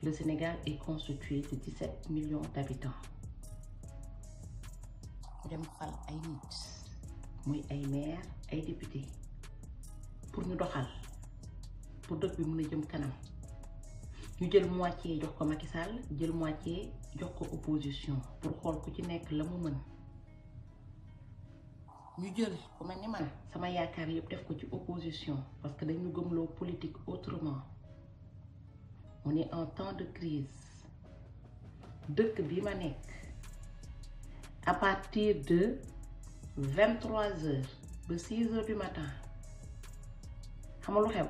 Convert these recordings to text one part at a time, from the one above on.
Le Sénégal est constitué de 17 millions d'habitants. dem fal muy ay maire ay députés. pour nous doxal pour dëkk bi mën a jëm kanam ñu jël moitié jox ko Macky Sall jël moitié jox ko opposition pour xool ku ci nekk la mu mën ñu jël ku mel ni man sama yaakaar yëpp def ko ci opposition parce que dañu gëmloo politique autrement on est en temps de crise Deux bi à partir de 23 h 6 h du matin xam sais pas. xew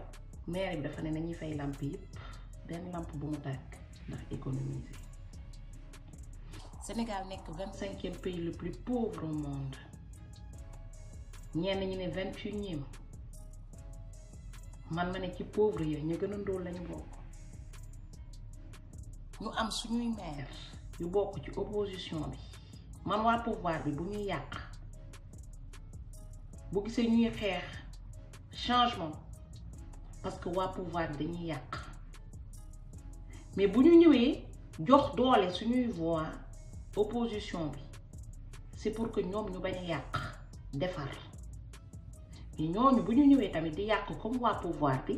maire bi dafa ne nañuy fay lampe yëpp benn lampe bu mu économiser Sénégal le 25e pays le plus pauvre au monde Il ñi ne vingt je man ma ci pauvre ya ñu a ñu am suñuy maire yu bokk ci opposition bi man wa pouvoir bi bu ñuy yàq bu gisé ñuy xeex changement parce que wa pouvoir bi dañuy yàq mais bu ñu ñëwee jox doole suñuy voix opposition bi c'est pour que ñom ñu bañ a défar defar mais ñooñu bu ñu ñëwee tamit di yàq comme wa pouvoir bi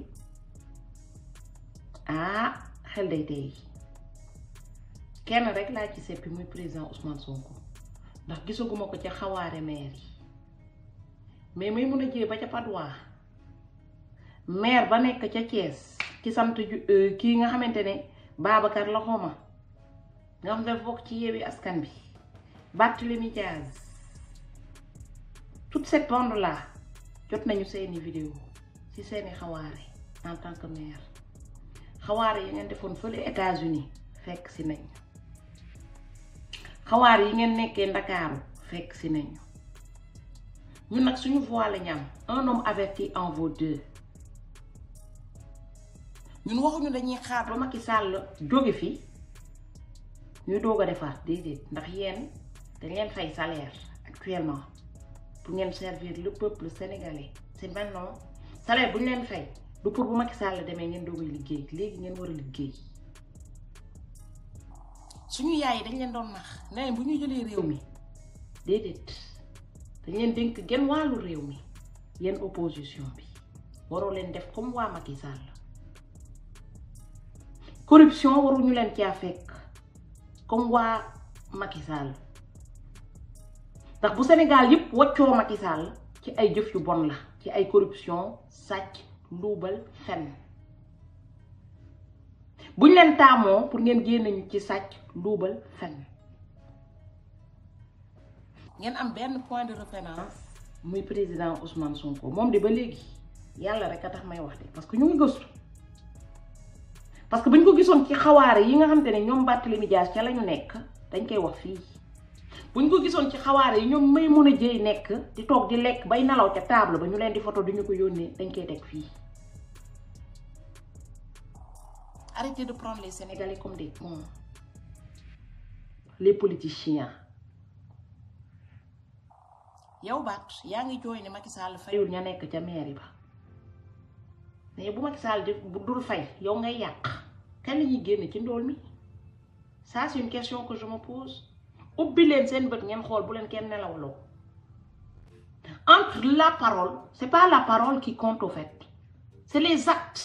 ah xel day tey kenn rek laa ci seppi muy président Ousmane Sonko ndax gisaguma ko ca maire mais may mun a ba ca Padois maire ba nekk ca Thiès ki sant euh, kii nga xamante Babacar Loxoma nga xam ci askan bi toute cette bande là jot nañu seeni vidéo ci seeni xawaare en tant que maire xawaare yi ngeen defoon États-Unis fekk si nañ xawaar yi ngeen nekkee ndakaaru fekk si nañu ñun nag suñu voix la ñu un homme averti en vaut deux ñun waxuñu dañuy xaar ba Macky Sall jóge fi ñu doog a defar déedéet ndax yéen dañ leen fay salaire actuellement pour ngeen servir le peuple sénégalais c'est maintenant salaire bu ñu leen fay du pour bu Macky Sall demee ngeen doog a liggéey léegi ngeen war a liggéey. suñu yaay yi dañ leen doon nax nee bu ñu jëlee réew mi déedéet dañ leen dénk genn wàllu réew mi yéen opposition bi waroo leen def comme waa Macky Sall corruption waruñu leen caa fekk comme waa Macky ndax bu Sénégal yëpp waccoo Macky ci ay jëf yu bon la ci ay corruption sàcc luubal fenn buñ leen tamo pour ngeen génnañu ci sàcc luubal fen ngeen am benn point de référence muy président Ousmane Sonko moom di ba léegi yàlla rek a tax may wax de parce que ñu ngi gëstu parce que buñ ko gisoon ci xawaare yi nga xam te ne ñoom Barthélémy Dias ca lañu nekk dañ koy wax fii buñ ko gisoon ci xawaare yi ñoom may mun a jëy nekk di toog di lekk bay nalaw ca table ba ñu leen di photo duñu ko yónnee dañ koy teg fii Arrêtez de prendre les Sénégalais comme des cons. Les politiciens. yow baat yaa ngi jooy ne Macky Sall fayul ña nek ca mairie ba Né bu Macky Sall di bu dul fay yow ngay yak. kan la ñuy ci ndol mi ça c'est une question que je me pose ubbi leen seen bët ngeen xol bu len kenn nelawlo. entre la parole c'est pas la parole qui compte au fait c'est les actes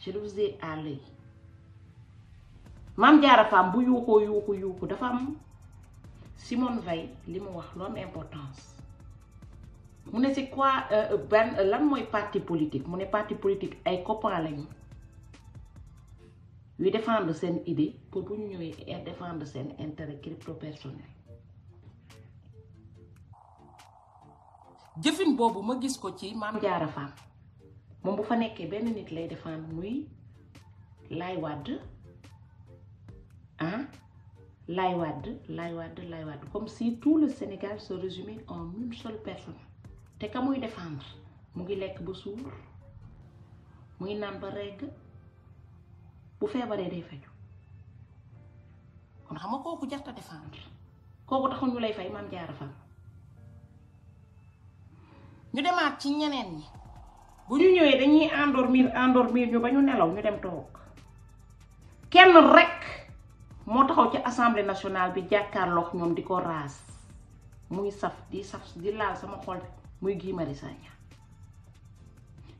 je vous ai à l'œil maam jaara bu yuuxoo yuuxu yuuxu dafa am Simone Veil li mu wax lu am importance mu c'est quoi euh, ben euh, lan mooy parti politique mu ne parti politique ay copains lañu yuy défendre sen idée pour bu ñu défendre sen intérêt crypto personnel jëfin boobu ma gis ko ci maam jaara faam mom bu fa nekkee nit lay défendre muy ah comme si tout le Sénégal se résumait en une seule personne te ka muy défendre mu ngi lekk ba suur nous ba regg bu feebaree day faju kon xam nga jarta défendre bu ñu ñëwee dañuy endormir endormir ñu ba ñu nelaw ñu dem toog kenn rek moo taxaw ci assemblée nationale bi jàkkaarloog ñoom di ko raas muy saf di saf di laal sama xol muy Guy Sagna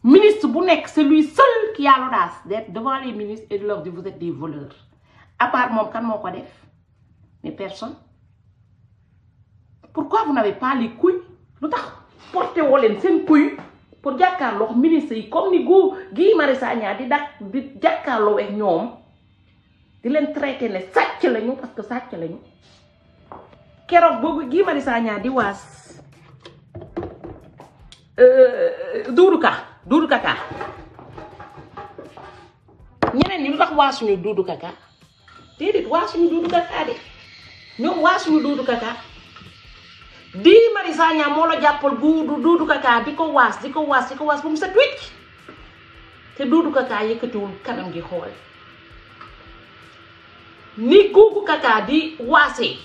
ministre bu nekk c'est lui seul qui a l'audace d'être devant les ministres et de leur dire vous êtes des voleurs à part moom kan moo ko def mais personne pourquoi vous n'avez pas les couilles lu tax porté woo leen couilles pour jakarlo ak ministre yi comme ni gu gi Marius nya di dak di jakarlo ak ñom di len traiter ne sacc lañu parce que sacc lañu keroog boobu gi Marius nya di waas euh, Doudou Ka Doudou Ka Ka ñeneen ñi lu tax waasuñu Doudou Ka Ka déedéet waasuñu Doudou Ka Ka de ñoom waasuñu Doudou Ka Ka di Marisa ñaa moo la jàppal bu Duudu Kaka diko was diko was diko was bum ko waas set wicc te dudu Kaka yekati wul kanam gi xol ni Guugu Kaka di wasé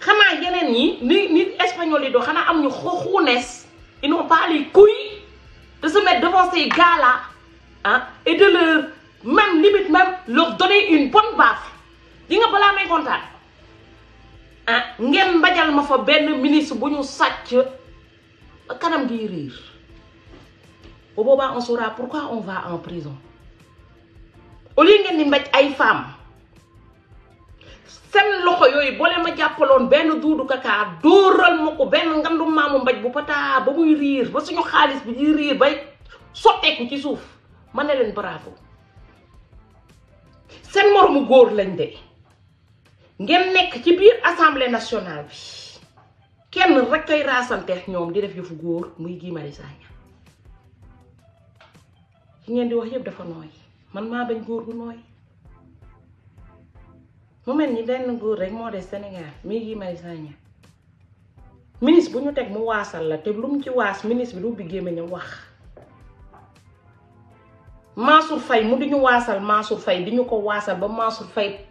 xanaa yenen ni ni nit espagnol yi do xana am ñu xoxunees ils n'ont pas les couilles de se mettre devant ces gars-là hein, et de leur même limite même leur donner une bonne baffe di nga bala may contact ah ngeen mbajal ma fa benn ministre bu ñu sàcc kanam gi riir bu boobaa on saura pourquoi on va en prison au lieu ngeen di mbaj ay femmes seen loxo yooyu boole ma jàppaloon benn duudu kakaar dóoral ma ko benn ngandu maamu mbaj bu pataa ba muy riir ba suñu xaalis bi di riir bay sotteeku ci suuf ma ne leen bravo seen moromu góor lañ de ngeen nekk ci biir assemblée nationale bi kenn rek kay raasanteex ñoom di def yëfu góor muy Guy Marius ci ngeen di wax yëpp dafa nooy man maa bañ góor gu nooy mu mel ni benn góor rek moo des Sénégal muy Guy Marius Sagna ministre bu ñu teg mu waasal la te lu mu ci waas ministre bi lu bi gémmiñ a wax Mansour fay mu di ñu waasal Mansour Faye di ñu ko waasal ba Mansour Faye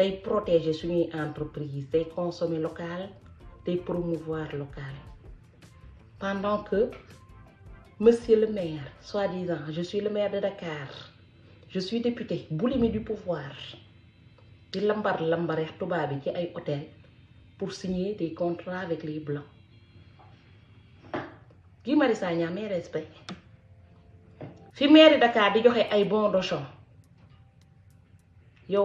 day protéger son entreprise day consommer local day promouvoir local pendant que monsieur le maire soi-disant je suis le maire de Dakar je suis député boulimé du pouvoir di lambar lambareex tubaab yi ci ay hôtel pour signer des contrats avec les blancs Guy n'y a amee respect fi maire de Dakar di joxe ay bons de yo yo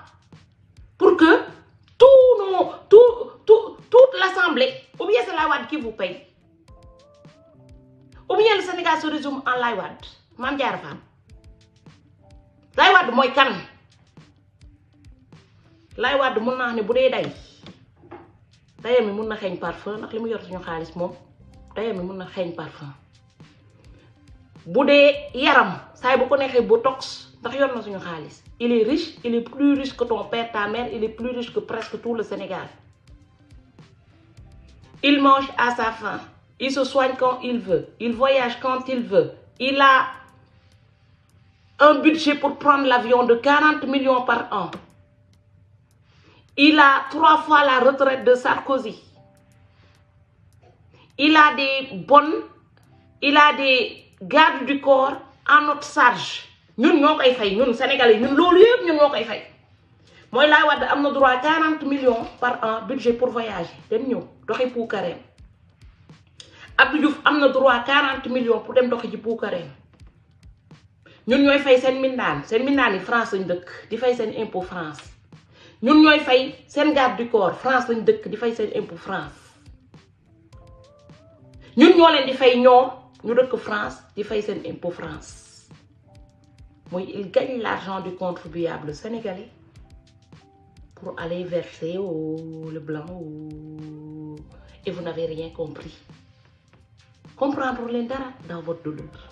pour que tout nos, tout, tout, toute l'Assemblée, ou bien c'est la Wad qui vous paye, ou bien le Sénégal se résume en l'Aïwad. Mam Diarra Wad L'Aïwad, moi, kan. L'Aïwad, mon nom, ne boudé d'aïe. D'ailleurs, mon n'a c'est parfum. Nak, le meilleur, c'est un charisme. D'ailleurs, mon n'a un parfum. Boudé, yaram. Ça y est, beaucoup un botox il est riche il est plus riche que ton père ta mère il est plus riche que presque tout le Sénégal il mange à sa faim il se soigne quand il veut il voyage quand il veut il a un budget pour prendre l'avion de 40 millions par an il a trois fois la retraite de Sarkozy il a des bonnes il a des gardes du corps en notre charge nous, sommes sénégalais nous, Sénégal, nous ñun ñoo fay 40 millions par an budget pour voyager pour sommes doxi puukareem droit 40 millions pour dem doxi ci Nous, ñun ñooy fay seen 5 millions France nous dëkk di fay France Nous, nous fay garde du corps France nous dëkk di fay France Nous, ñoo nous di fay nous ñu France di France il gagne l'argent du contribuable sénégalais pour aller verser au blanc. et vous n'avez rien compris comprendre l'indara dans votre douleur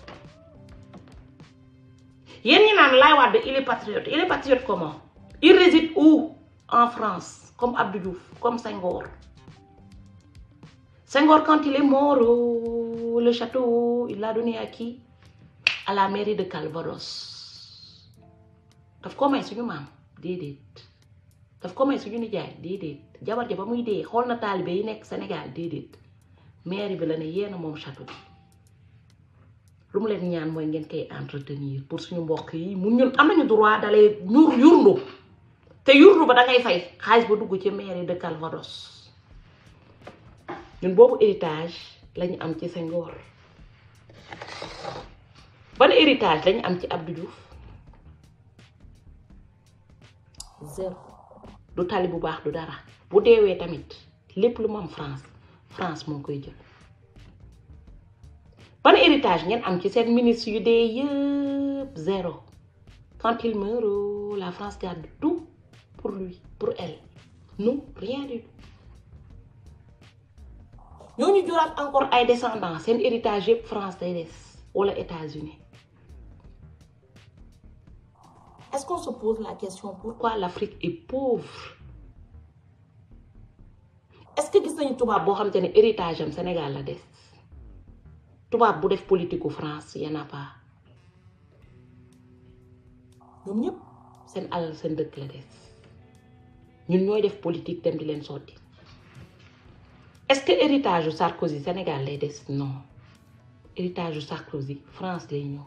il est patriote il est patriote comment il réside où en France comme Abdou saint comme saint Senghor quand il est mort le château il l'a donné à qui à la mairie de Calvados daf ko may suñu maam déedéet daf ko may suñu nijaay déedéet jabar ja ba muy dee xool na taalibe yi nekk Sénégal déedéet maire bi la ne yéen moom château lu mu leen ñaan mooy ngeen koy entretenir pour suñu mbokk yi mu ñun am nañu droit dalee ñur yurlu te yurlu ba da ngay fay xaalis ba dugg ci maire de Calvados ñun boobu héritage lañu am ci Senghor ban héritage lañu am ci Abdou zéro du tali bu baax du dara bu deewee tamit lépp lu am France France moo koy jël ban héritage ngeen am ci seen ministre yu dee zéro quand il meurt la France garde tout pour lui pour elle nous rien du tout nous avons encore ay descendants un héritage yëpp France day des États-Unis Est-ce qu'on se pose la question pourquoi l'Afrique est pauvre est-ce que tu as un héritage au Sénégal la des politique en France il y en a pas Nous sommes sen al sen dëkk la des ñun ñooy def politique dem di leen est-ce que héritage au Sarkozy Sénégal lay des non héritage au Sarkozy France lay ñëw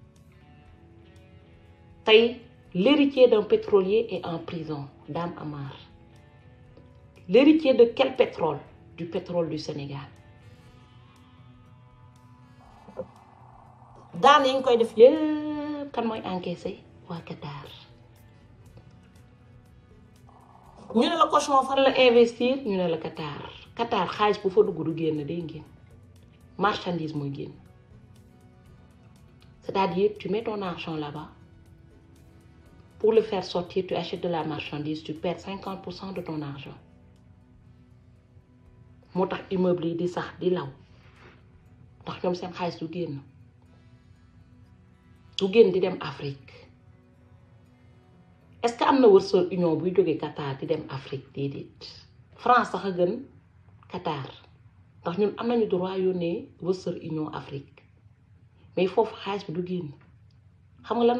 l'héritier d'un pétrolier est en prison Dame Amar l'héritier de quel pétrole du pétrole du Sénégal Dans les ñu koy def kan encaissé wa Qatar Nous ne la caution faire la investir ñu ne la Qatar Qatar xaalis pour fa du du génn de génn marchandise mooy c'est-à-dire tu mets ton argent là-bas pour le faire sortir, tu achètes de la marchandise, tu perds 50% de ton argent. moo immeuble yi di sax di law ndax ñoom seen xaalis du génn du génn di dem Afrique est-ce que a na wërsëg union buy jógee Qatar di dem Afrique déedéet France sax a Qatar ndax ñun am le droit yónnee wërsëg union Afrique mais foofu xaalis bi du génn xam nga lan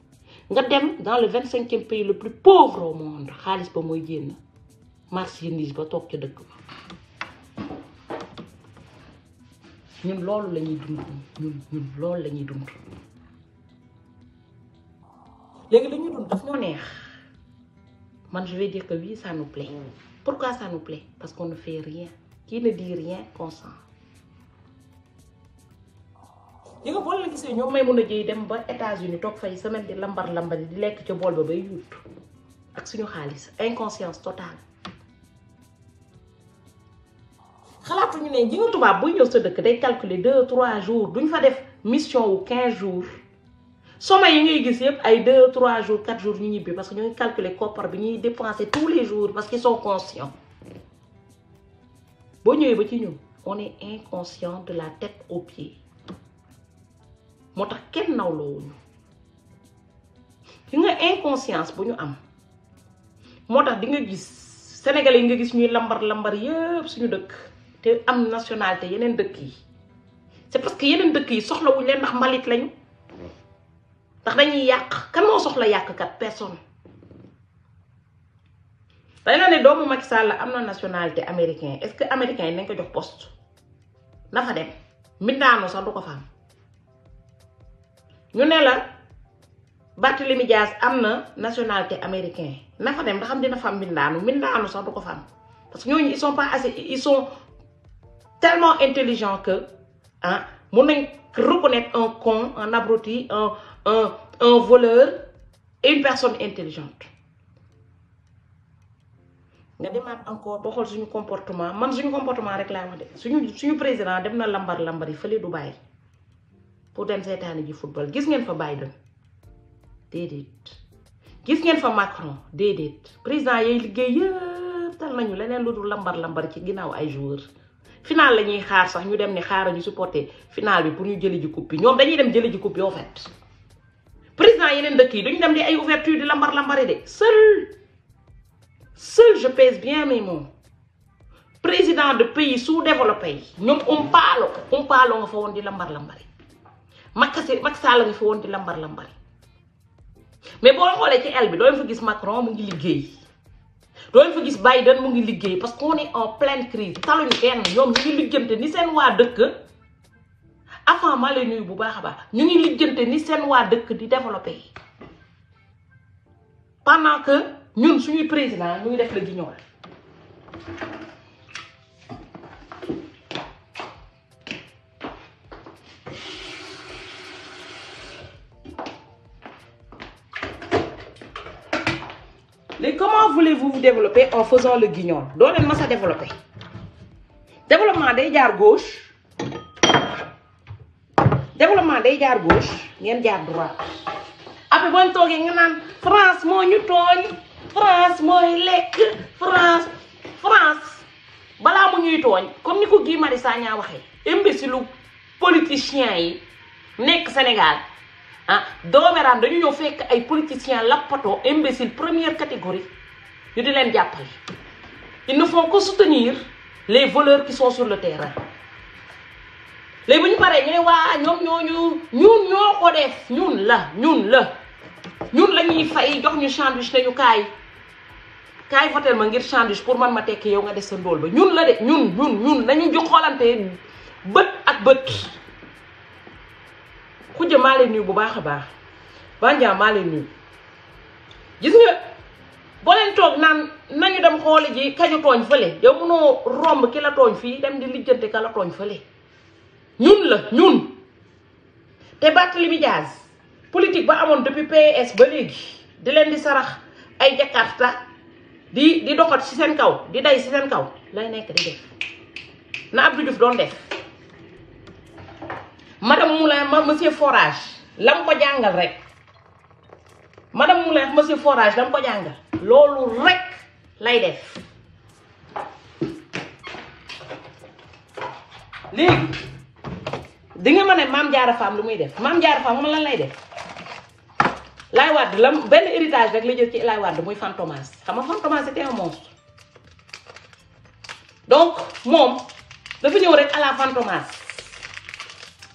nga dem dans le 25 e pays le plus pauvre au monde xaalis ba moy génn marchandise ba tok ci dëkk ñun loolu dund ñun ñun loolu dund légui lañuy dund daf ñoo neex man je vais dire que oui ça nous plaît pourquoi ça nous plaît parce qu'on ne fait rien qui ne dit rien consent yi nga boo la may États-Unis semaine di lambar lambar di ba bay ak suñu inconscience totale xalaatuñu ne nga deux jours duñ fa def mission wu 15 jours soma yi ngay gis ay jours 4 jours parce que calculer koppar bi dépenser tous les jours parce qu'ils sont conscients boo ñëwee ba on est inconscient de la tête aux pieds moo tax kenn nawloowuñu di nga inconscience buñu am motax di nga gis sénégalais nga gis ñuy lambar lambar yépp suñu dëkk té am nationalité yenen dëkk yi c'est parce que yenen dëkk yi soxlawuñ leen ndax malit lañu ndax dañuy yaq kan mo soxla kat personne dañ né ne doomu Macky Sall amna na nationalité américain est-ce que américain yi nañ ko jox poste na fa dem mindano sax du ko fam ñu ne la Barthélemy Dias am na nationalité américain na fa dem nga xam dina fam am mbindaanu sax du ko fam parce que ñooñu ils sont pas assez ils sont tellement intelligents que ah mun nañ reconnaître un con un abruti un un un voleur et une personne intelligente. nga encore boo suñu comportement man suñu comportement rek la wax de suñu suñu président dem na lambar lambari feulé fële Dubaï pour dem ji football gis ngeen Biden gis ngeen fa Macron Le président yey liggéey tal leneen lambar lambar ci ay joueurs final xaar sax ñu dem ni supporter final pour ñu jëli ji coupe dañuy dem coupe président yi ouverture di lambar seul seul je pèse bien mes mots président de pays sous-développé On parle. On parle nga fa lambar Macky Sall Macky Sall la nga fi woon di lambar lambari mais boo xoolee ci el bi doo leen fa gis Macron mu ngi liggéey doo ñu fa gis Biden mu ngi liggéey parce qu'on est en pleine crise taluñ kenn ñoom ñu ngi lijjante ni seen waa dëkk avant maa nuyu bu baax a baax ñu ngi lijjante ni seen waa dëkk di développé pendant que ñun suñuy président mu ngi def la guignol Mais comment voulez-vous vous développer en faisant le guignol Donnez-moi ça, développer développement des jaar gauche développement des jaar gauche ngeen jaar droit. après bon ñu toogee nga France mon Newton, France mon lekk France France balaa mon ñuy tooñ comme ni ko Guy Marius Sagna imbécile politicien politiciens yi Sénégal ah dooméram dañu ñëw fekk ay politiciens lappato imbécile première catégorie ñu di leen jàppal il ne faut que soutenir les voleurs qui sont sur le terrain léegi bu ñu paree ñu ne waa ñoom ñooñu ñun ñoo ko def ñun la ñun la ñun la ñuy fay jox ñu sandwich nañu kaay kaay votel ma ngir sandwich pour man ma tekki yow nga des sa ndóol ba ñun la de ñun ñun ñun nañu ju xoolante bët ak bët Koudia maa lay bu baax a baax Bandia maa lay nuyu gis nga toog naan nañu dem xooli ji kañu fa fële yow mënoo romb ki la tooñ fii dem di lijjante ka la tooñ fële ñun la ñun te Barthélémy Dias politique ba amoon depuis PS ba léegi di leen di sarax ay jakarta di di doxat ci seen kaw di day ci seen kaw lay nekk di def na Abdou Diouf doon def madame Moulin ma monsieur Forage la mu ko jàngal rek madame Moulin monsieur Forage la mu ko jàngal loolu rek lay def léegi di nga ma ne maam Jaara Faam lu muy def maam Jaara Faam moom lay def Laay Wàdd la benn héritage rek la jël ci Laay Wàdd muy Fantomas xam nga Fantomas c'était un monstre donc moom dafa ñëw rek à la Fantomas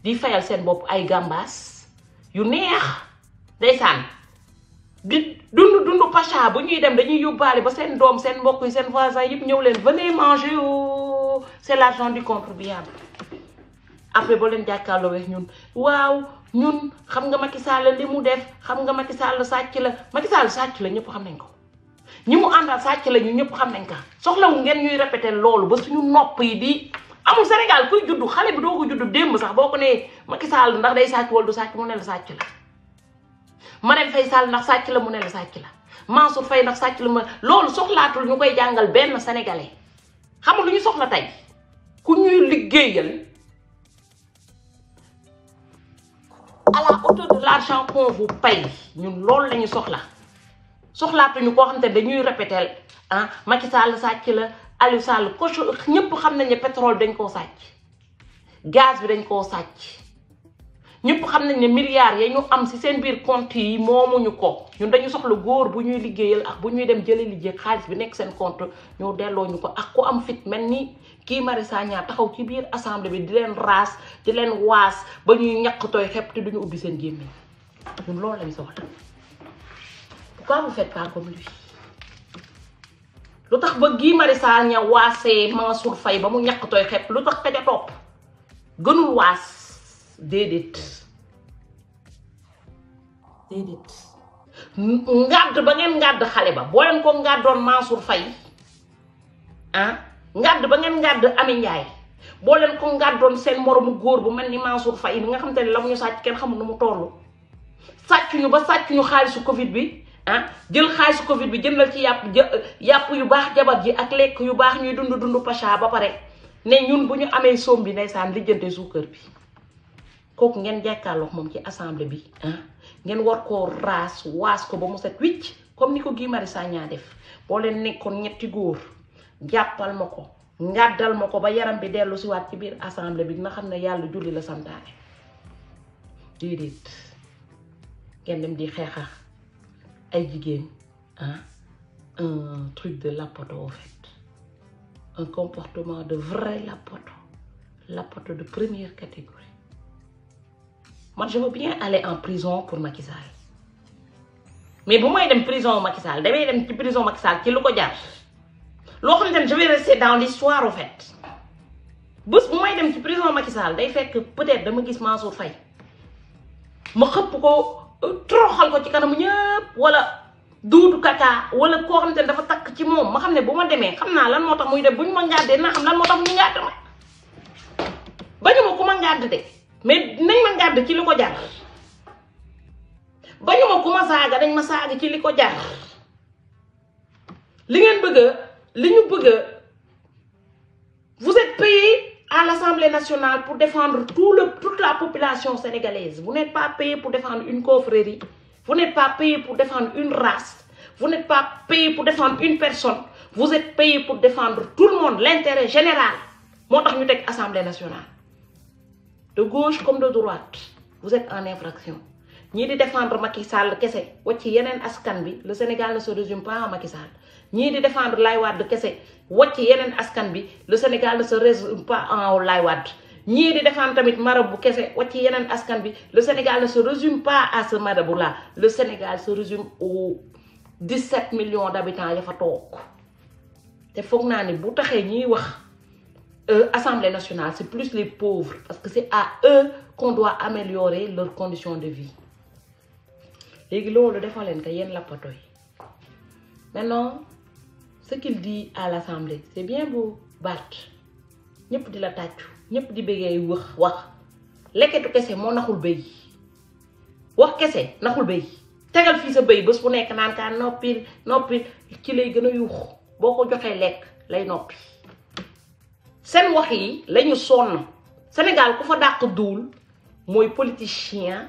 di fayal seen bopp ay gàmbaas yu neex ndeysaan di dund dundu pacha bu ñuy dem dañuy yóbbaale ba seen doom seen mbokk yi seen voisin yëpp ñëw leen venez manger o oh, c'est l'argent du contribuable après ba leen jàkkaarloo weex ñun waaw ñun xam nga Macky Sall li mu def xam nga Macky Sall sàcc la Macky Sall sàcc la ñëpp xam nañ ko ñi mu àndal sàcc la ñu ñëpp xam nañ ko soxlawu ngeen ñuy répéter loolu ba suñu nopp yi di amul Sénégal kuy juddu xale bi doo ko juddu démb sax boo ko nee Macky Sall ndax day sàcc wala du sàcc mu ne la sàcc la Marème Faye ndax sàcc la mu ne la sàcc la Mansour Faye ndax sàcc loolu soxlaatul ñu koy jàngal benn sénégalais xamul lu ñu soxla tey ku ñuy liggéeyal à la hauteur de l'argent qu'on vous paye loolu la soxla soxlaatuñu koo xam te dañuy répéter ah Macky Sall sàcc la Aliou Sall ko ñëpp xam nañ ne pétrole dañ koo sàcc gaz bi dañ koo sàcc ñëpp xam nañ ne milliards ya ñu am ci seen biir compte yi moomuñu ko ñu dañu soxla góor bu ñuy liggéeyal ak bu ñuy dem jëlee liggéey xaalis bi nekk seen compte ñu delloo ñu ko ak ku am fit mel ni kii Mari Sagna taxaw ci biir assemblée bi di leen raas di leen waas ba ñuy ñàkk tooy xepp te duñu ubbi seen gémmiñ ñun loolu lañ soxla lutax tax ba Guy Marius Sagna waasee Mansour Faye ba mu ñak toy xepp lutax ka ja top gënul was dedet dedet ngàdd ba ngeen ngàdd xalé ba bo leen ko ngàddoon Mansour fay ah ngàdd ba ngeen ngàdd Ami ñay bo leen ko ngàddoon seen moromu goor bu melni ni Mansour fay nga xam lamu ñu sacc kenn xamul nu mu saccu ñu ba ñu xaalisu Covid bi ah jël xaalisu Covid bi jëndal ci yàpp yàpp yu baax jabar ji ak lekk yu baax ñuy dund dund pacha ba pare ne ñun bu ñu amee soom bi ndeysaan lijjante suukar bi kooku ngeen jàkkaarloog moom ci assemblée bi ah. ngeen war ko raas waas ko ba mu set wicc comme ni ko Guy Marius Sagna def boo leen nekkoon ñetti góor jàppal ma ko ngàddal ma ko ba yaram bi dellu si waat ci biir assemblée bi dina xam ne yàlla julli la santaane déedéet ngeen dem di xeexa Hein, un truc de lapoto en fait un comportement de vrai lapoto lapoto de première catégorie Moi, je veux bien aller en prison pour Macky Sall mais il est en prison Macky Sall il dem en prison Macky Sall ci lu ko jar loo je vais rester dans l'histoire en fait Si moi il dem ci prison Macky Sall day que peut-être dama gis Mansour Faye ma xëpp ko. troxal ko ci kanamu ñepp wala dudu kaka wala ko xamante ne dafa tak ci mom ma xamne ne bu xamna lan motax muy def buñ ma ngàddee na xam lan motax tax mu ma bañu ma ku ma ngàdd de mais nañ ma ngàdd ci liko jaar bañu ma ma saaga dañ ma saaga ci liko jaar li ngeen bëgg liñu bëgg vous êtes payé l'Assemblée nationale pour défendre tout le, toute la population sénégalaise. Vous n'êtes pas payé pour défendre une confrérie. Vous n'êtes pas payé pour défendre une race. Vous n'êtes pas payé pour défendre une personne. Vous êtes payé pour défendre tout le monde, l'intérêt général. montagne Assemblée nationale de gauche comme de droite vous êtes en infraction ni di défendre Macky Sall le Sénégal ne se résume pas à Macky Sall ñii di défendre Laye kese wacc le Sénégal ne se résume pas à Laiwad. Ni ñii di défendre tamit kese wacc askan le Sénégal ne se résume pas à ce marabu là le Sénégal se résume aux 17 millions d'habitants. habitants ya fa toog te ni euh, Assemblée nationale c'est plus les pauvres parce que c'est à eux qu'on doit améliorer leurs conditions de vie léegi loolu defal leen ko yéen lappatoo yi maintenant ce qu'il dit à l'assemblée c'est bien beau baat ñep di la tàccu ñep di bëggee wax wax lekketu kessé mo naxul bay wax kessé naxul bay tégal fi sa bay bës bu nekk naan kaa nopi noppi ci lay gëna a yuux boo ko joxee lay nopi seen wax yi lañu son Sénégal ku fa dàq duul moy politicien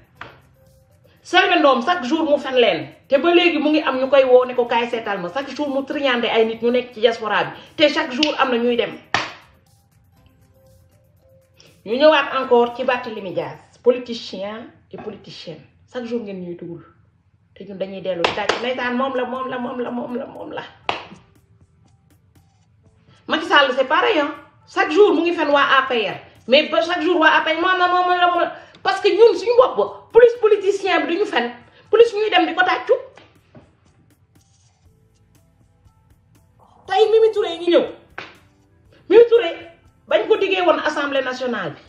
sargandoom chaque jour mu fen len te ba léegi mu ngi am ñu wo woo ne ko kay sétal ma chaque jour mu triandé ay nit ñu nekk ci diaspora bi te chaque jour amna ñuy dem ñu ñëwaat encore ci Barthélémy Dias politicien et politicienne chaque jour ngeen ñuy dugul te ñun dañuy dellu dàcc ndeysaan moom la moom la moom la moom la moom la Macky Sall c'est pareil hein chaque jour mu ngi fen wa APR mais ba chaque jour wa APR moom la moom la parce que ñun suñu bopp duñu fen police muy dem di ko tàccu tey Mimi ngi ñëw Mimi Touré bañ ko diggee woon assemblée nationale bi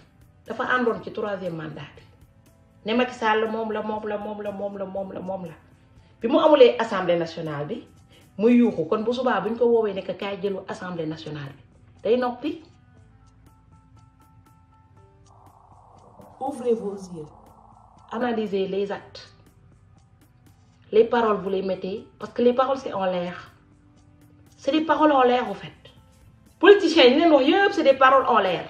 dafa àndoon ci troisième mandat bi ne Macky Sall moom la moom la moom la moom la moom la moom la bi mu amulee assemblée nationale bi muy yuuxu kon bu subaa buñ ko woowee ne que kaay jëlu assemblée nationale bi day noppi analysez les actes. Les paroles, vous les mettez, parce que les paroles, c'est en l'air. C'est des paroles en l'air, en fait. Politiciens c'est des paroles en l'air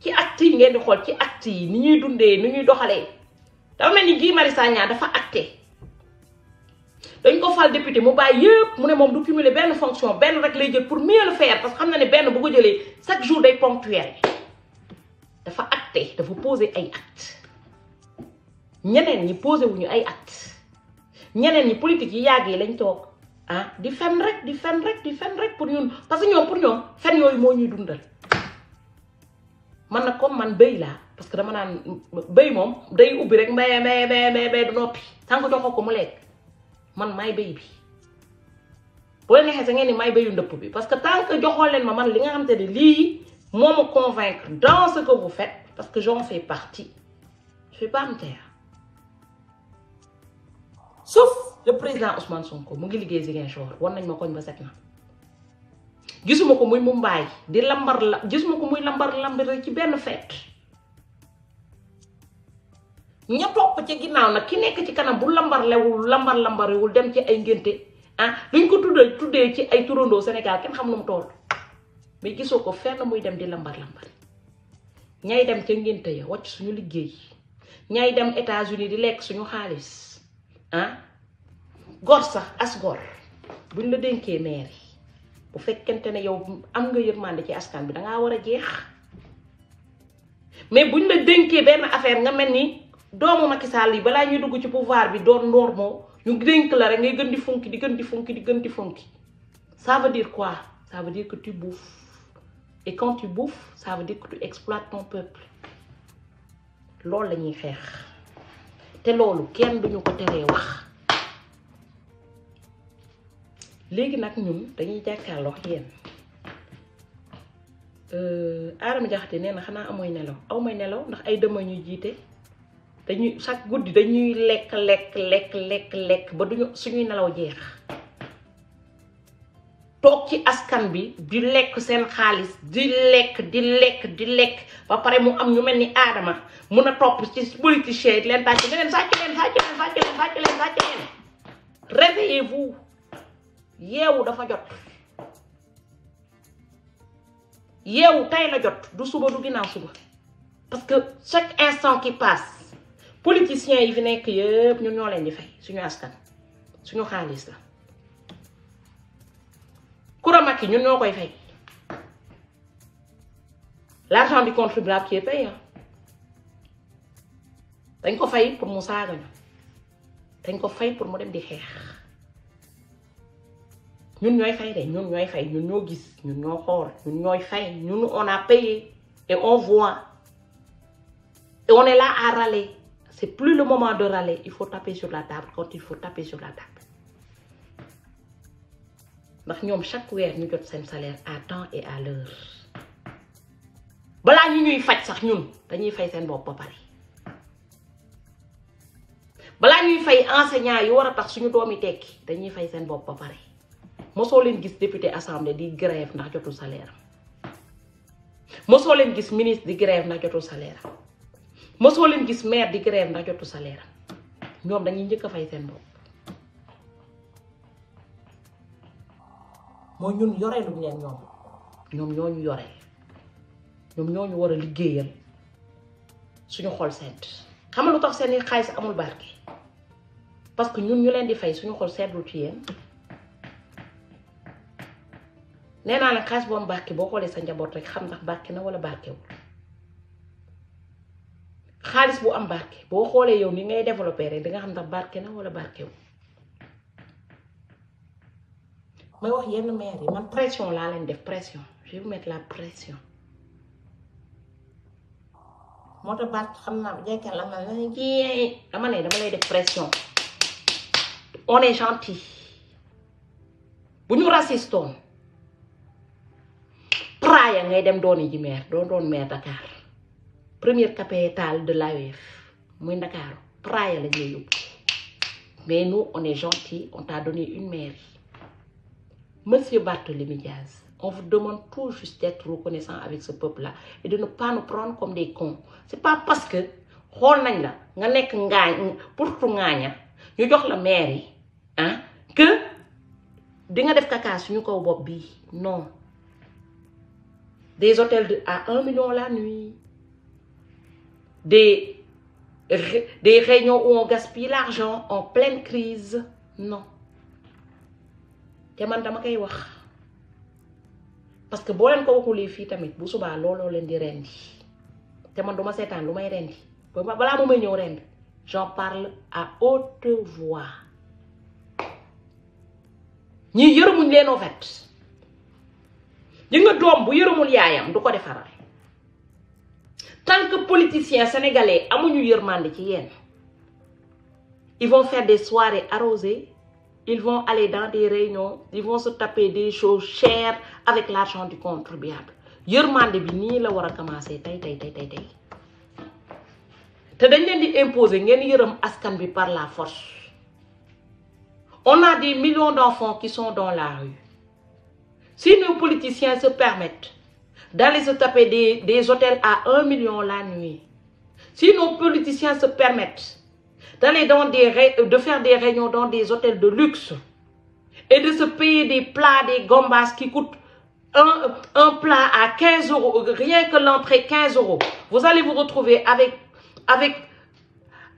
Qui acte, qui ngeen di xool ci actes ni ñuy dundee ni ñuy cas de Marissa ni Guy Marius Sagna Il acté dañ ko député Il bàyyi yëpp mu ne du cumuler benn fonction une rek pour mieux le faire parce qu'il xam na ne benn bu ko jëlee chaque jour day ponctuel acter, de vous poser un acte. ñeneen ñi posé wuñu ay at ñeneen ñi politique yi yàgg yi lañ toog ah di fen rek di fen rek di fen rek pour ñun parce que ñoom pour ñoom fen yooyu moo ñuy dundal man nag comme man béy laa parce que dama naan béy moom day ubbi rek mbéyee mbéyee mbéyee mbéyee du noppi ko mu lekk man maay béy bi boo leen neexee sa ngeen ni maay béyu ndëpp bi parce que tant que joxoo leen ma man li nga xam te ne lii moo ma convaincre dans ce que bu fet parce que j'en fais partie je vais sauf le président Ousmane Sonko mu ngi liggéey Ziguinchor war nañ ma koñ ba set na gisuma ko muy Mumbaay di lambar la gisuma ko muy lambar lambar ci benn feet ña ginnaaw nag ki nekk ci kanam bu lambar lewul lambar lambarewul dem ci ay ngénte ah luñ ko tuddee tuddee ci ay turandoo Sénégal kenn xam nu mu toll mais gisoo ko fenn muy dem di lambar lambar ñay dem ca ngénte ya wàcc suñu liggéey ñay dem États-Unis di lekk suñu xaalis ah hein? gor sax as gor buñ la denké mère bu fekkente né yow am nga yërmande ci askan bi da nga wara jeex mais buñ la denké ben affaire nga melni ni doomu Macky Sall yi bala ñu dugg ci pouvoir bi doon normo ñu denk la rek ngay gën di funki di gën di funki di gën di funki ça veut dire quoi ça veut dire que tu bouffes et quand tu bouffes ça veut dire que tu exploites ton peuple lool la ñuy te loolu kenn duñu ko teree wax léegi nag ñun dañuy jàkkaarloo wax yéen euh, Adama Diakhaté nee na xanaa amooy nelaw aw may nelaw ndax ay dëmm ñuy jiite dañuy chaque guddi dañuy lekk lekk lekk lekk lekk ba duñu suñuy nelaw jeex toog ci askan bi di lekk seen xaalis di lekk di lekk di lekk ba pare mu am ñu mel ni aadama mun a topp ci politiciens yi leen tàcc leen sàcc leen sàcc leen sàcc leen sàcc leen sàcc leen réveillez-vous yeewu dafa jot yeewu tey la jot du suba du ginnaaw suba parce que chaque instant qui passe politiciens yi fi nekk yëpp ñun ñoo leen di fay suñu askan suñu xaalis la nous nous ñun nous l'argent du contribuable qui est payé hein. dañ ko fay pour mu Nous ko pour mu dem di nous ñun de Nous nous fay ñun ñoo gis Nous ñoo nous ñun fay Nous on a payé et on voit et on est là à râler c'est plus le moment de râler il faut taper sur la table quand il faut taper sur la table ndax ñoom chaque weer ñu jot seen salaire à temps et à l'heure balaa ñu ñuy faj sax ñun dañuy fay seen bopp ba pare balaa ñuy fay enseignant yi war a tax suñu doomi tekki dañuy fay seen bopp ba pare mosoo leen gis député assemblée di grève ndax jotul salaire mosoo leen gis ministre di grève ndax jotul salaire mosoo leen gis maire di grève ndax jotul salaire ñoom dañuy njëkk a fay seen bopp mooy ñun yoreeluñ leen ñoom ñoom ñoo ñu yoreel ñoom ñoo ñu war a liggéeyal suñu xol sedd xam nga lu tax seen i xaalis amul barke parce que ñun ñu leen di fay suñu xol seddul ci yéen nee naa la xaalis boobu barke boo xoolee sa njaboot rek xam ndax barke na wala barkewul xaalis bu am barke boo xoolee yow ni ngay développé rek di nga xam ndax barke na wala barkewul. mais wax yenn maire yi man pression là leen def pression je vais vous mettre la pression moo tax baat la naa jekkal la dama ne dama lay def pression on est gentil bu ñu racistoon praaya ngay dem dooni une maire doon doon maire Dakar première capitale de la muy Ndakaaru praaya lañ lay yóbbu mais nous on est gentil on t'a donné une mairie Monsieur Barthélémy Diaz, on vous demande tout juste d'être reconnaissant avec ce peuple-là et de ne pas nous prendre comme des cons. C'est pas parce que la pour pour nous avons la mairie hein, que nous nga def caca nous avons non des hôtels à 1 million la nuit des des réunions où on gaspille l'argent en pleine crise non té man dama kay wax parce que bo len ko waxulee fi tamit bu suba lolo len di rendi té man duma seetaan lumay rendi bala mo may ñëw rendi j'en parle à haute voix ñi yërëmuñ leen en fait yi nga doom bu yërëmul yaayam du ko defaral tant que politiciens sénégalais amuñu yërmande ci yeen ils vont faire des soirées arrosées ils vont aller dans des réunions, ils vont se taper des choses chères avec l'argent du contribuable. bi la commencer tay tay tay tay tay. imposer par la force on a des millions d'enfants qui sont dans la rue si nos politiciens se permettent d'aller se taper des des hôtels à 1 million la nuit si nos politiciens se permettent d'aller dans des euh, de faire des réunions dans des hôtels de luxe et de se payer des plats, des gambas qui coûtent un, plat à 15 euros, euh, rien que l'entrée 15 euros. Vous allez vous retrouver avec, avec,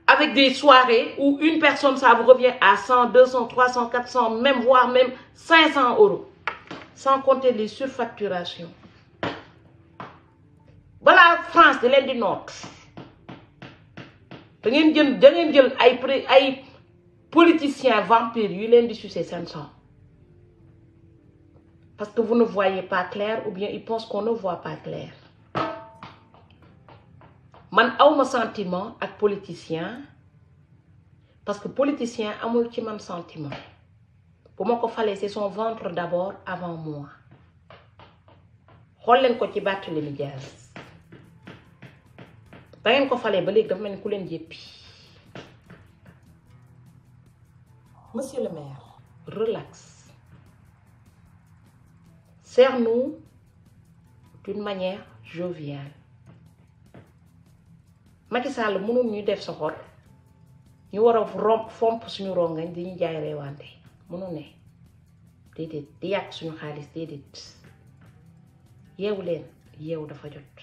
avec des soirées où une personne, ça vous revient à 100, 200, 300, 400, même voire même 500 euros. Sans compter les surfacturations. Voilà France de l'Inde du Nord. Vous avez des politiciens vampires ils di sucer parce que vous ne voyez pas clair ou bien ils pensent qu'on ne voit pas clair man awma sentiment les politicien parce que politicien politiciens ci un sentiment pour moi. il faut c'est son ventre d'abord avant moi xool ko ci les ba ngeen ko falé ba légui dafa melni ku leen jéppi monsieur le maire relax serre-nous d'une manière joviale Macky Sall mënu ñu def sa xor ñu wara romp fomp suñu rongañ di ñu jaay reewante mënu ne déedéet di yak suñu xaaliss déedéet yeewu leen dafa jot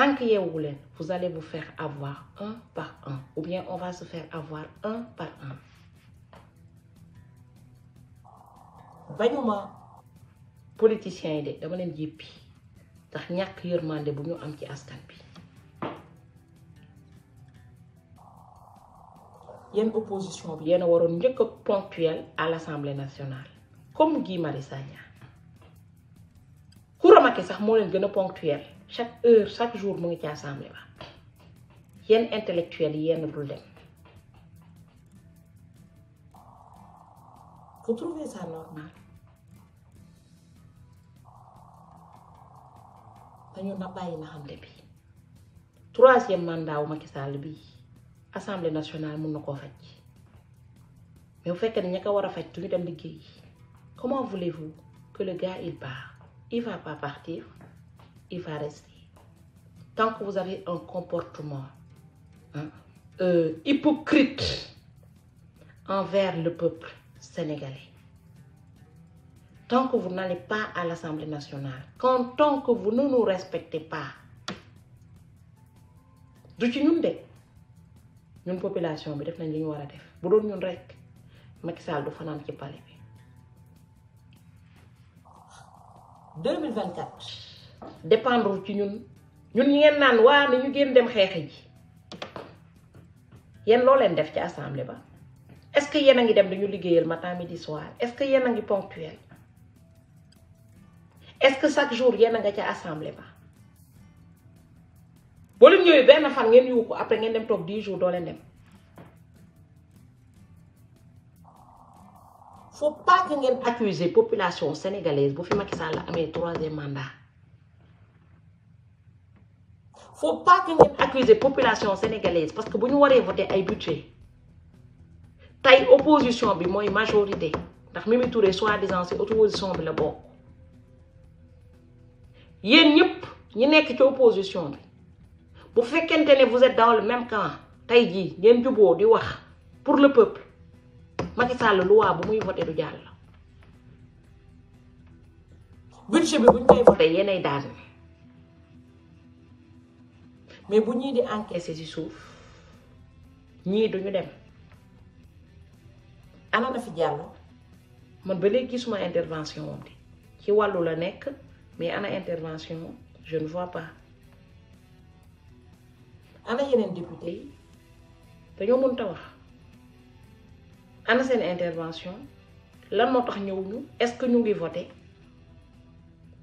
Tant qu'il y a vous allez vous faire avoir un par un. Ou bien on va se faire avoir un par un. bañuma politiciens yi de dama leen yëppi ndax ñàkk yërmande bu ñu am ci askan bi une opposition bi y a waroon ponctuel à l'Assemblée nationale comme Guy Marius Sagna Coura Macky sax moo leen gën plus ponctuel chaque heure chaque jour ensemble. Il y a ba yenn il y a un problèmes. vous trouvez ça normal dañu na pas na de ne bi troisième mandat wu Macky Sall bi assemblée nationale mun na koo mais vous faites que ña ko war a faj dem comment voulez-vous que le gars il part il ne va pas partir il va rester. Tant que vous avez un comportement hein, euh, hypocrite envers le peuple sénégalais, tant que vous n'allez pas à l'Assemblée nationale, quand, tant que vous ne nous respectez pas, population 2024 dépendre ci ñun ñun ngeen naan dem ji leen assemblée est-ce que yéen a ngi dem matin midi soir est-ce que yéen a ngi est-ce que chaque jour yéen a nga ca assemblée ba benn fan ngeen après ngeen dem 10 jours doo leen faut pas que ngeen population sénégalaise bu fi Macky Sall troisième mandat faut pas que ngeen accuser population sénégalaise parce que bu ñu waree voter ay budget tey opposition bi moy majorité ndax Mimi Touré soi-disant ci opposition bi la bokk yeen ñep ñi nekk ci opposition bi bu fekkente ne vous êtes dans le même camp tay ji ngeen juboo di wax pour le peuple Macky Sall loi bu muy voter du jall budget bi bu ñu koy voter yéenay daal mais bu di encaisser ci suuf ñii duñu dem fi je man ba pas mon intervention Je di ci la mais ana intervention je ne vois pas ana yeneen député yi dañoo mënta wax ana intervention lan moo tax est-ce que nous devons voter?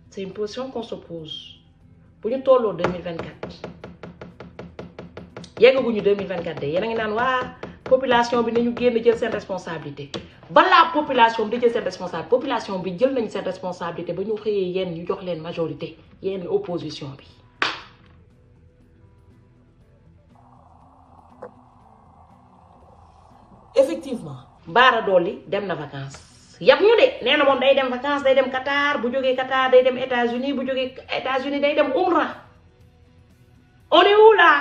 c'est une position qu'on se pose pour nous en 2024 yeggaguñu 2024 de yéen a ngi naan population bi nañu génn jël sen responsabilité la population bi di jël sen responsabilité population bi jël nañ sen responsabilité ba ñu xëyee yéen ñu jox leen majorité yéen opposition bi. effectivement bara doli dem na vacances yab ñu de nee na moom day dem vacances day dem Qatar bu joggé Qatar day dem États-Unis bu joggé États-Unis day dem Umrah on est où là.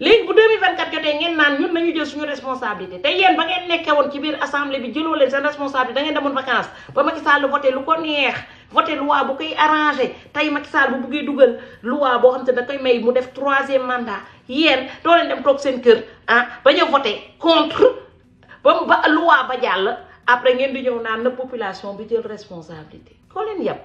léegi bu 2024 jotee ngeen naan ñun nañu jël suñu responsabilité te yéen ba ngeen nekkee woon ci biir assemblée bi jëloo leen seen responsabilité da ngeen demoon vacance ba Macky Sall voté lu ko neex voté loi bu koy arrangé tey Macky Sall bu buggee dugal loi boo xam te da koy may mu def troisième mandat yéen doo leen dem toog seen kër ah bañ a voté contre ba ba loi ba jàll après ngeen di ñëw naan na population bi jël responsabilité koo leen yàpp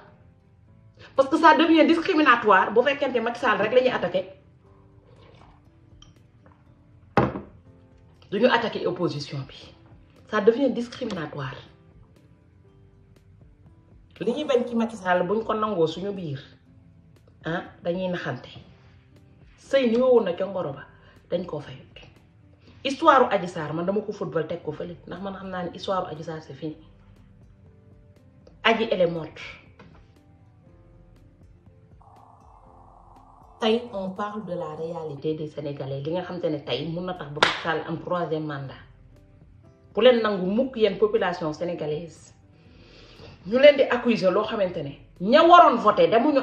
parce que ça devient discriminatoire bu fekkente Macky Sall rek la ñuy attaqué du ñu attaqué opposition bi ça devient discriminatoire li ñuy bañ ci Macky Sall buñ ko nangoo suñu biir ah dañuy naxante sëy ni woon na ca ngoro ba dañ koo fayut histoire Adji Sarr man dama ko football teg ko fële ndax man xam naa ne histoire Adji Sarr c'est fini Adji elle est morte on parle de la réalité des sénégalais li nga Tay, troisième mandat ont population sénégalaise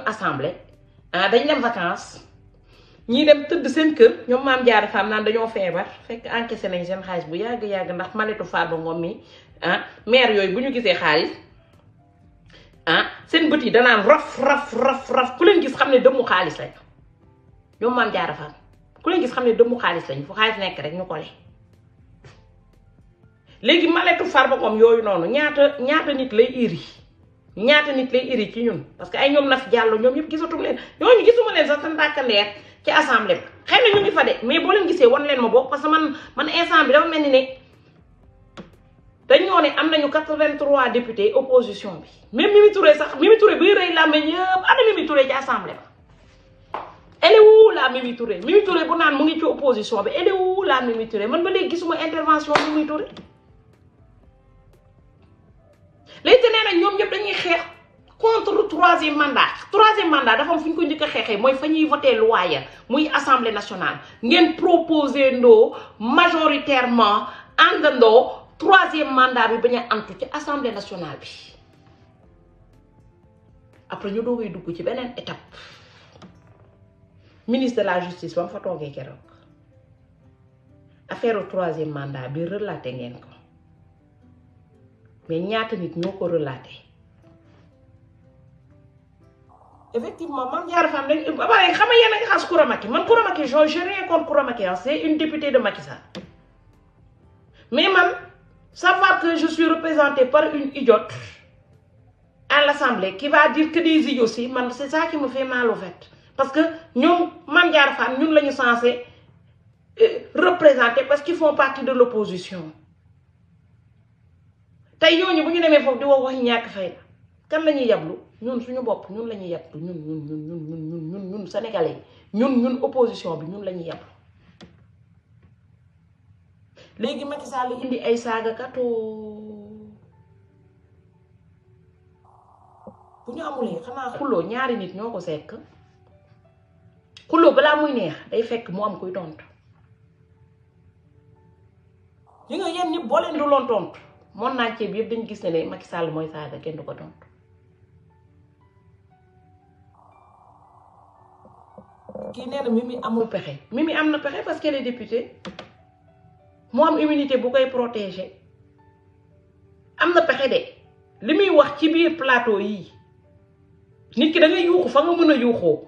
assemblée ah vacances ñi dem seen kër ñom faam naan fekk nañ bu ndax ah maire ah seen raf raf raf raf ñoom maam jaara faal ku leen gis xam ne dëmmu xaalis lañ fu xaalis nekk rek ñu ko le léegi maletu Farba Ngom yooyu noonu ñaata ñaata nit lay iri ñaata nit lay iri ci ñun parce que ay ñoom Naf jàll ñoom ñëpp gisatum leen ñooñu gisuma leen sax seen tàkkandeer ci assemblée ba xëy na ñu ngi fa de mais boo leen gisee wan leen ma bokk parce que man man instant bi dafa mel ni ne dañoo ne am nañu 83 députés opposition bi même mi Touré sax Mimi Touré buy rëy làmmeñ yëpp ana Mimi Touré ci assemblée ba. elle est où la Mimi Touré Mimi Touré bu naan opposition elle est où la Mimi Touré man ba léegi gisuma intervention Mimi Touré Les ténèbres, nee na ñoom dañuy le contre troisième mandat troisième mandat dafa ce fu ñu ko njëkk a xeexee fa ñuy voter loi ya muy assemblée nationale ngeen proposé ndoo majoritairement àndandoo troisième mandat bi bañ assemblée nationale après nous, doogay dugg ci beneen étape ministre de la justice ba mu fa toogee keroog affaire troisième mandat bi relaté ngeen ko mais ñaata nit ñoko ko relaté effectivement Mame Diarra Fam dañ ba pare xam nga yéen a man je n'ai rien contre hein. c'est une députée de Makissa. mais man savoir que je suis représentée par une idiote à l'Assemblée qui va dire que des idiots aussi c'est ça qui me fait mal au fait parce que nous, sommes censés représenter parce qu'ils font partie de l'opposition nous, nous, nous, nous, nous, nous, nous, wax nous, nous, kan représenter nous, ñun suñu nous, ñun nous, nous, nous, ñun nous, ñun nous, ñun nous, sénégalais opposition xuloo balaa muy neex day fekk mo am koy tontu ñu nga yéen ñëpp boo leen du loon tontu moon naa ceeb yëpp dañu gis ne Macky Sall mooy saaga kenn du ko tont kii nee Mimi amul pexe Mimi amna na pexe parce qu'elle est députée mo am immunité bu koy protéger amna na pexe de li wax ci biir plateau yi nit ki da ngay yuuxu fa nga mën a yuuxoo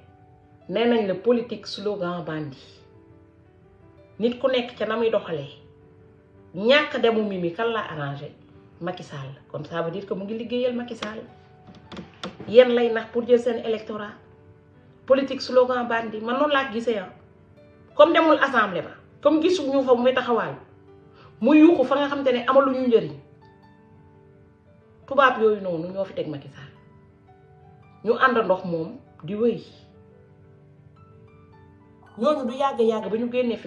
nee nañ la politique slogan bandi nit ku nekk ca na muy doxalee ñàkk demu mi mi kan la arrangé Macky Sall kon ça veut que mu ngi liggéeyal Macky Sall yéen lay nax pour jël seen électorat politique slogan bandi man noonu laa gisee ah comme demul assemblée ba comme gisu ñu fa muy taxawaal mu yuuxu fa nga xam te ne amaluñu njëriñ tubaab yooyu noonu ñoo fi teg Macky Sall ñu ànd ndox moom di wéy. Nous, du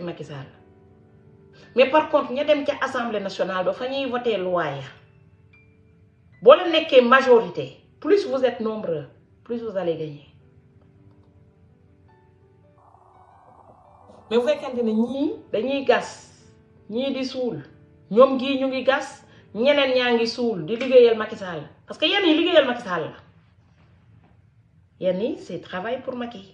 mais par contre nous dem ca assemblée nationale Nous fa ñuy loi ya la majorité plus vous êtes nombreux plus vous allez gagner mais bu fekkente ne ñii dañuy gas ñii di suul ñoom gii ñu ngi gas di parce que yenn yi liggéeyal Macky Sall la c'est travail pour Macky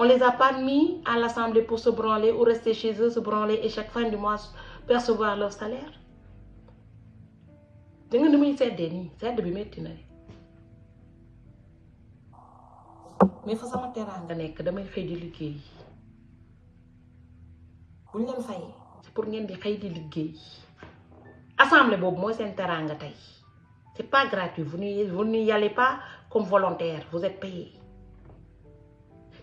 On les a pas mis à l'Assemblée pour se branler ou rester chez eux, se branler et chaque fin du mois percevoir leur salaire. da nga ni muy seddee nii sedd bi mais fa sama terrain, je damay xëy c'est pour que di xëy di L'assemblée, assemblée boobu terrain. Ce n'est c'est pas gratuit vous n'y allez pas comme volontaire vous êtes payé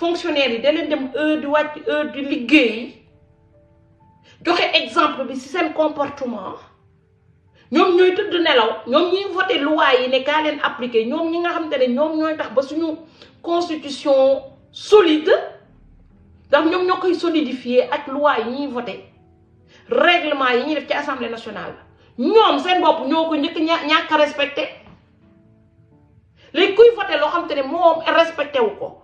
fonctionnaires yi da leen dem heure di wàcc heure di liggéey joxe exemple bi si seen comportement ñoom ñooy tëdd nelaw ñoom ñuy voté loi yi ne kaa leen appliqué ñoom ñi nga xam te ne ñoom ñooy tax ba suñu constitution solide ndax ñoom ñoo koy solidifier ak loi yi ñuy voté règlement yi ñuy def ci assemblée nationale ñoom seen bopp ñoo ko njëkk ña ñàkk a respecté léegi kuy voté loo xam te ne moom respecté wu ko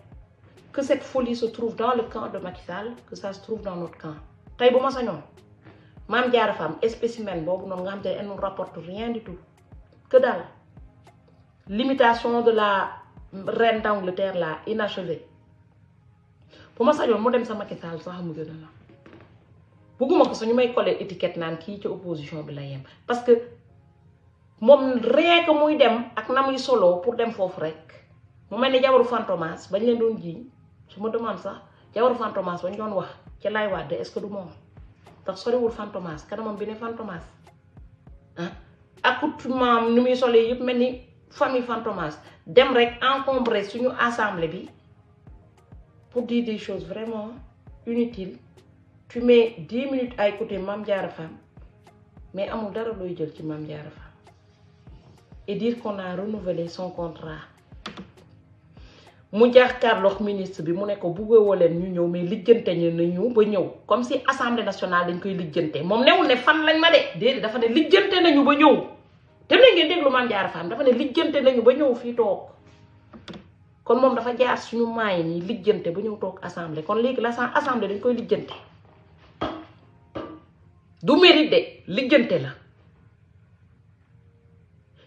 que cette folie se trouve dans le camp de Macky Sall que ça se trouve dans notre camp tey bu ma sañoon spécimen boobu noonu nga ne elle ne rapporte rien du tout que dalle. limitation de la reine d'Angleterre là, inachevée Pour ma sañoon mu dem sa Macky Sall ça mu gën a la bugguma ko suñu may coller étiquette naan kii ci opposition bi la parce que moom rien que muy dem ak na muy solo pour dem foofu rek mu mel ni jabaru fantomas bañ leen doon jiiñ je me demande sax jawaru Fantomas bañ doon wax ci lay de est-ce que du tax ndax soriwul Fantomas kanamam bi ne Fantomas ah accoutrement ni muy solee yep melni famille Fantomas dem rek encombrer suñu assemblée bi pour dire des choses vraiment inutiles tu mets 10 minutes ay côté Mame Diarra Fam mais amul dara loy jël ci Mame Diarra Fam et dire qu'on a renouvelé son contrat mu jàkkaarloog ministre bi mu ne ko bëggoo leen ñu ñëw mais lijjante ñu na ñu ba ñëw comme si assemblée nationale dañ koy lijjante moom newul ne fan lañ ma de déedéet dafa ne lijjante nañu ba ñëw te ne ngeen déglu man jaar faam dafa ne lijjante nañu ba ñëw fii toog kon moom dafa jaar suñu maay nii lijjante ba ñëw toog assemblée kon léegi la assemblée dañ koy lijjante du mérite de lijjante la.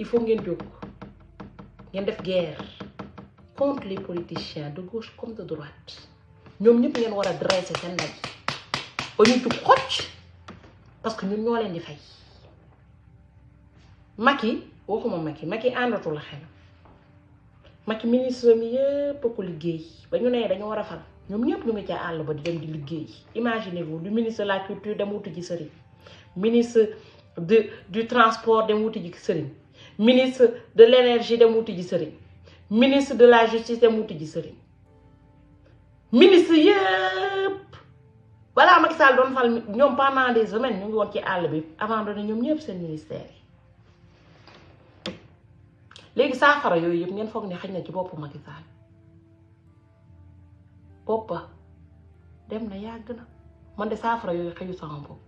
il faut ngeen jóg ngeen def guerre contre les politiciens de gauche comme de droite ñom ñëpp ngeen wara à Ils parce que nous, ñoo leen di fay Macky waxuma Macky Macky la xel Macky ministre ko liggéey ba ñu dañu fal ñu nga ba di imaginez-vous du ministre de la culture dem wuti ji Le ministre de du transport dem wuti ji ministre de l'énergie de wuti ji sëriñ ministre de la justice de wuti ji sëriñ ministre yëpp balaa Macky Sall doon fal ñom pendant des semaines ñu ngi woon ci all bi avant abandonné ñom ñëpp seen ministère Légui léegi saafara yooyu yëpp ngeen fokk ne xëj na ci boppu Macky Sall boppa dem na yàgg na man de saafara yoy xëju sama bopp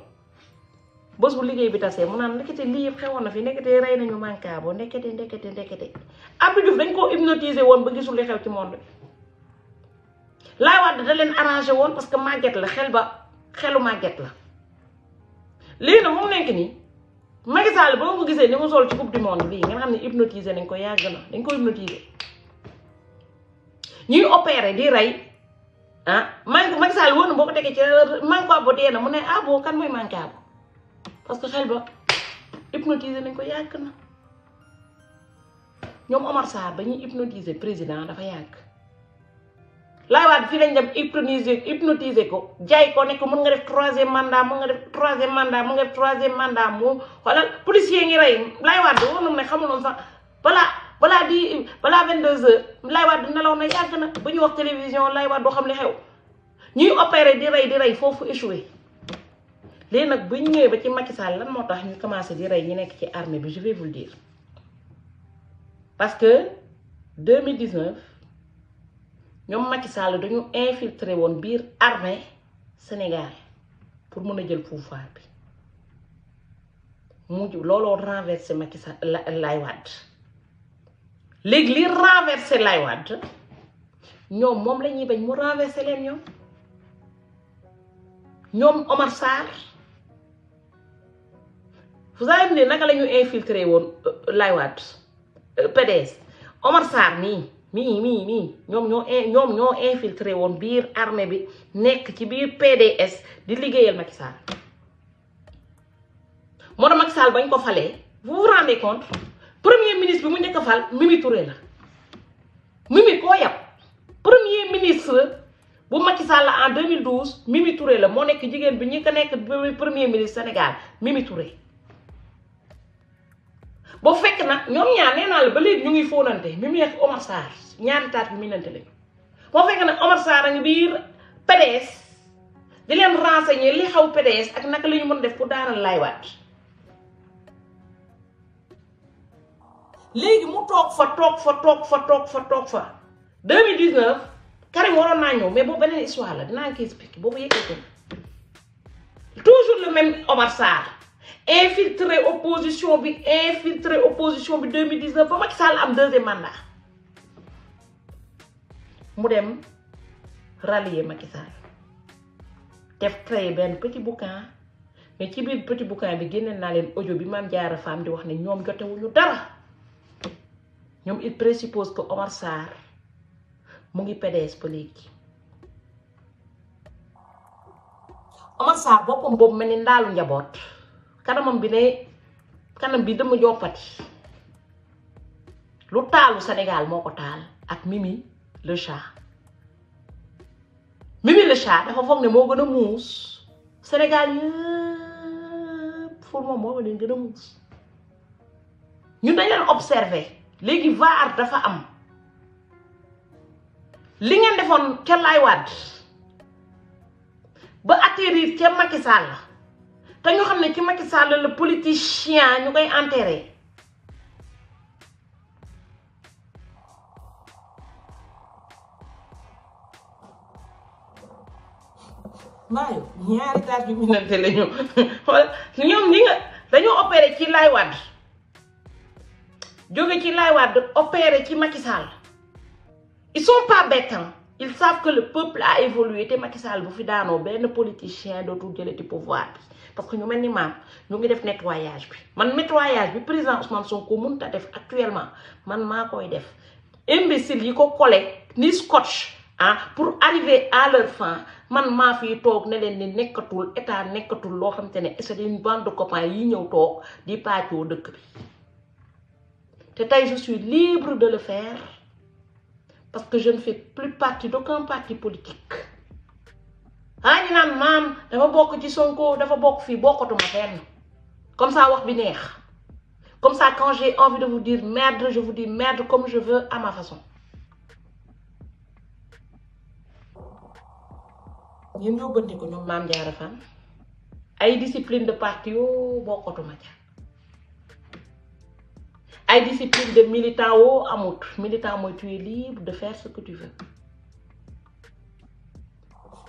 bés bu liggéey bi tasee mu naan ndekete lii yëpp xewoon na fi ndekete rey nañu Mancabo ndekete ndekete ndekete Abdou Diouf dañ koo hypnotiser woon ba gisul li xew ci monde bi Laay leen arrangé woon parce que màgget la xel ba xelu màgget la léegi nag mu nekk nii Macky Sall nga ko gisee ni mu sol ci coupe du monde bii nga xam ne hypnotiser nañ ko yàgg na dañ ko hypnotiser ñuy opéré di rey ah Macky Sall woon boo ko tegee ci Mancabo dee na mu ah, parce que xel ba hypnotiser nañ ko yàgg na ñoom Omar Sarr ba ñuy hypnotiser président dafa yàgg Laay Wade fii lañ dem hypnotiser hypnotiser ko jaay ko ne ko mën nga def troisième mandat mën nga def troisième mandat mën nga def troisième mandat moo xoolal policier ngi rey Laay Wade woon na ne xamuloon sax bala balaa di balaa 22 heures Laay Wade nelaw na yàgg na ba ñu wax télévision Laay Wade doo xam li xew ñuy opérer di rey di rey foofu échoué. léegi nag bu ñëwee ba ci Macky Sall lan motax ñu commencé di rey ñi nekk ci armée bi je vais vous le dire parce que 2019 ñom Macky Sall dañu infiltré woon biir armée Sénégal pour mëna jël pouvoir bi mu lolo renverser Macky Sall Lay Wàdd Légui li renversé Laay Wàdd ñoom moom la bañ mu renverser leen ñom. Ñom Omar Sarr vous allez me dire naka lañu infiltrer won euh, lay euh, PDS Omar Sarr ni mi, mi, mi, ñom ñoo ñom ñoo infiltrer won biir armée bi nekk ci biir PDS di liggéeyal Macky Sall moo Macky Sall bañ ko falé vous vous rendez compte premier ministre bi mu ñëk fal Mimi Touré la Mimi ko yapp premier ministre bu Macky Sall en 2012 Mimi Touré la mo nekk jigen bi ñi ko nekk premier ministre Sénégal Mimi Touré. ba fekk nag ñoom ñaar nee naa la ba léegi ñu ngi fóonante Mimi nekk Omar Sarr ñaari taat mi nante lañu boo fekk nag Omar Sarr a ngi biir PDS di leen renseigner li xaw PDS ak naka la ñu mën def pour daanal Laay Wàdd léegi mu toog fa toog fa toog fa toog fa toog fa 2019 Karim waroon naa ñëw mais boobu beneen histoire la dinaa ko expliquer boobu yëkkee ko toujours le même Omar Sarr infiltré opposition bi infiltré opposition bi 2019 ba Macky am deuxième mandat mu dem rallier Macky Sall def benn petit bouquin mais ci biir petit bouquin bi génne naa leen ojo bi Mame Diarra Fam di wax ne ñoom jotewuñu dara ñoom il présuppose que Omar Sarr mu ngi PDS ba léegi Omar Sarr boppam boobu mel ni ndaalu njaboot kanamam bi ne kanam bi dama joppati lu taalu Sénégal moo ko taal ak Mimi le chat Mimi le dafa foog ne moo gën a muus Sénégal yëpp pour moom moo leen gën a muus ñu dañ leen observé léegi vaar dafa am li ngeen defoon kenn Laay Wàdd ba atterrir ca Macky Sall la te ñu xam ne ci Macky Sall le politicien ñu koy enterré waaye ñaari taat yu binante la ñu ñoom li nga dañoo opéré ci Laye Wade jóge ci Laye Wade opéré ci Macky Sall ils sont pas bêtes hein. ils savent que le peuple a évolué te Macky Sall bu fi daanoo benn politicien dootul jële ci pouvoir parce que nous mel ngi def nettoyage bi man nettoyage bi président Ousmane Sonko mënut def actuellement man ma koy def imbécile yiko les collé ni scotch hein, pour arriver à leur fin man ma fi tok ne que ni nekatul état nekatul pas xam te c'est une bande de copains yi ne tok di patio deuk bi te tey je suis libre de le faire parce que je ne fais plus partie d'aucun parti politique ah ñu mam dafa bok ci Sonko dafa bok fi bokotuma fenn comme ça wax bi neex comme ça quand j'ai envie de vous dire merde je vous dis merde comme je veux à ma façon ñun ñoo bënti ko femmes. mam y a ay discipline de parti Il y a ay discipline de militant woo oh, amut militant moy tu es libre de faire ce que tu veux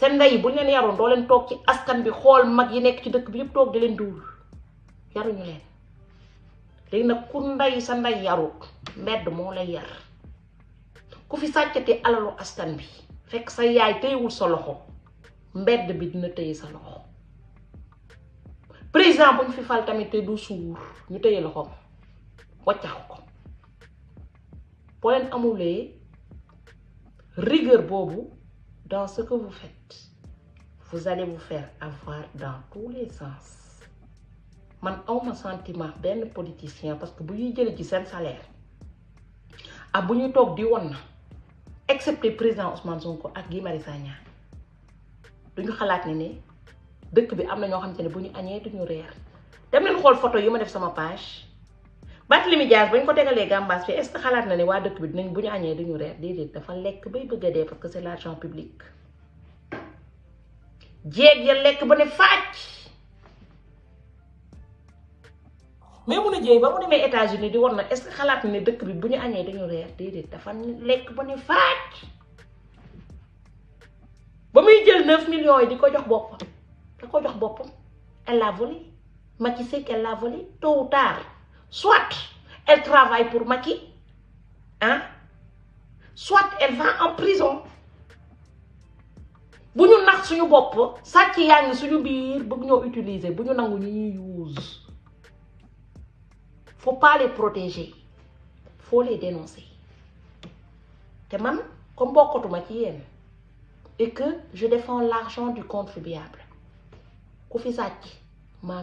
seen ndey bu ñu leen yaroon doo leen toog ci askan bi xool mag yi nekk ci dëkk bi yëpp toog di leen duul yaruñu leen léegi nag ku ndey sa ndey yarut mbedd moo lay yar ku fi sàccati alalu askan bi fekk sa yaay téyewul sa loxo mbedd bi dina téye sa loxo président bu ñu fi fal tamit te du suur ñu téye loxo waccax ko boo leen amulee rigueur boobu dans ce que vous faites, vous allez vous faire avoir dans tous les sens. man aw ma sentiment benn politicien parce que si vous jëlee ci salaire ak ah, bu ñuy toog di won na excepté président Ousmane Sonko ak Guy Marius Sagna duñu xalaat ne ne dëkk bi am na ñoo xamante ne bu ñu añee duñu reer dem leen xool photo yi ma def sama page. bat limi jaar buñ ko tégalé gambas fi est xalat na né wa dëkk bi dinañ buñ ñu añee duñu reer déedéet dafa lekk bay bëgg dé parce que c'est l'argent public jéeg ya lekk bu né fajj mais mu né jéey ba mu démé États-Unis di war na est xalat na né dëkk bi buñ ñu añee dañu reer déedéet dafa lekk bu né fajj ba muy jël 9 millions yi di ko jox boppam da ko jox boppam elle a volé ma Macky sé qu'elle a volé tôt ou tard Soit elle travaille pour Maki, hein? soit elle va en prison. nous, ñu nax suñu bopp dire yaa ne suñu bir, bëgg ñoo utiliser bu ñu nangu use faut pas les protéger faut les dénoncer te même comme suis ci Macky. et que je défends l'argent du contribuable que fi sàcc maa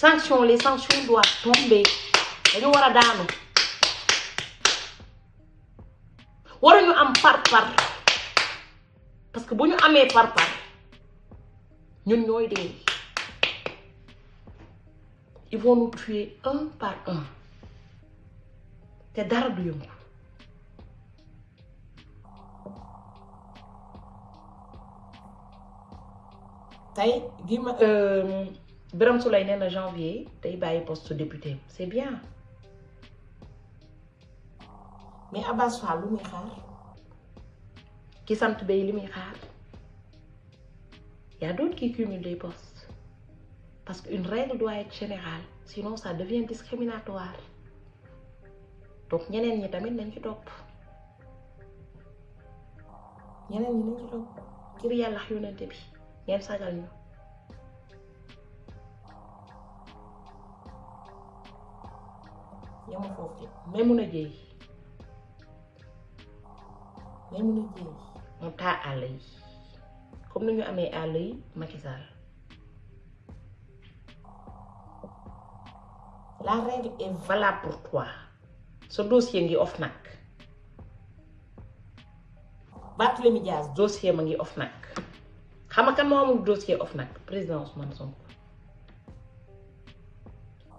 sanctions, les sanctions doivent tomber. Et nous voilà nous. Nous am une par. Parce que si nous avons par par, nous sommes Ils vont nous tuer un par un. C'est d'arbre. Tay, dis-moi, euh, Biram Souleye nee na janvier day bàyyi poste député c'est bien mais Abass Fall lu muy Qui ki sant bay li muy Il y a d'autres qui cumulent des postes parce qu'une règle doit être générale sinon ça devient discriminatoire donc il Il y y a qui gens, sont sont ñi tamit nañ ci topp ñeneen ñi nañ ci topp ngir yàlla yonente bi ngeen sagal ñu yama foofu de Maimouna Dieye Maimouna Dieye moom taa àll yi comme ni ñu amee àll yi Macky la règle est valable pour toi sa dossier ngi off nag Barthélémy Dias dossier ma ngi off nag xam nga kan moo amul dossier off nag président Ousmane Sonko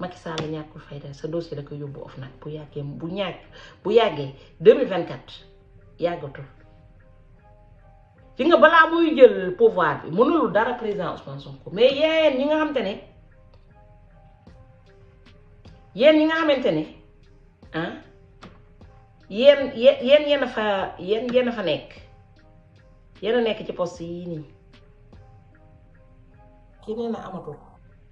Macky Sall ñàkkul fayda sa dossier da ko yóbbu of nag bu yàggee bu ñàkk bu yàggee vingt 2024 yàggatu ci nga balaa muy jël pouvoir bi mënul dara président Ousmane Sonko mais yéen ñi nga xamante ne yéen ñi nga xamante ne ah yéen yéen yéen a fa nekk yéen a nekk ci post yii nii ki nee na amatul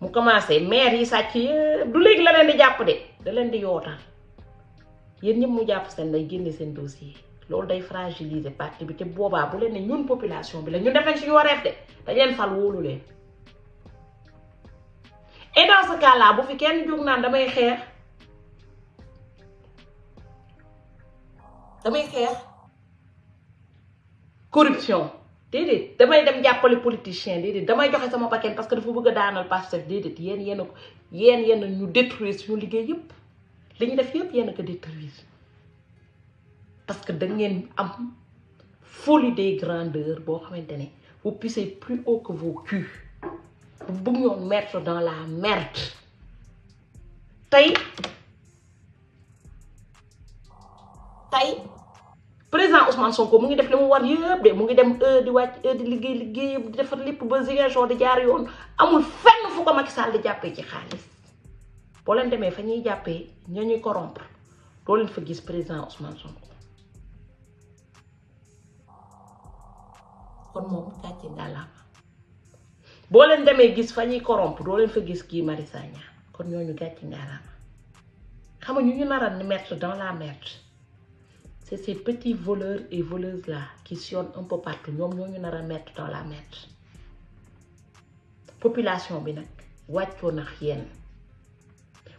mu commencé maire yi sàcc yëpp du léegi la leen di jàpp de da leen di yootal yéen ñëpp mu jàpp seen day génne seen dossier loolu day fragiliser parti bi te boobaa bu leen ñun population bi la ñu def si suñu wareef de dañ leen fal wóolu leen et dans ce bu fi kenn jóg naan damay xeex damay xeex corruption déedéet damay dem jàppale politicien déedéet damay joxe sama bakkan parce que dafa bëgg a daanal Pastef déedéet yéen yéen a ko yéen yéen ñu détruire suñu liggéey yëpp lañu ñu def yëpp yéen a ko détruire parce que da ngeen am folie des grandeurs boo xamante ne vous poussez plus haut que vos culs bu ñoon dans la merde tey tey président Ousmane Sonko mu ngi def li mu war yëpp de mu ngi dem heure di wàcc heure di liggéey liggéey di defar lépp ba Ziguinchor di jaar yoon amul fenn fu ko Macky Sall di jàppee ci xaalis boo leen demee fa ñuy jàppee ñoo ñuy corrompre doo leen fa gis président Ousmane Sonko kon moom gàcce boo leen demee gis fa ñuy corrompre doo fa gis kii Mari Sagna kon ñooñu gàcce ngàllaama xam nga ñu ñu naral ni mettre dans la merde c'est ces petits voleurs et voleuses-là qui sillonnent un peu partout nous nous, ñu nous, mettre dans la merde population bi nag nous, nous, nous, nous, leen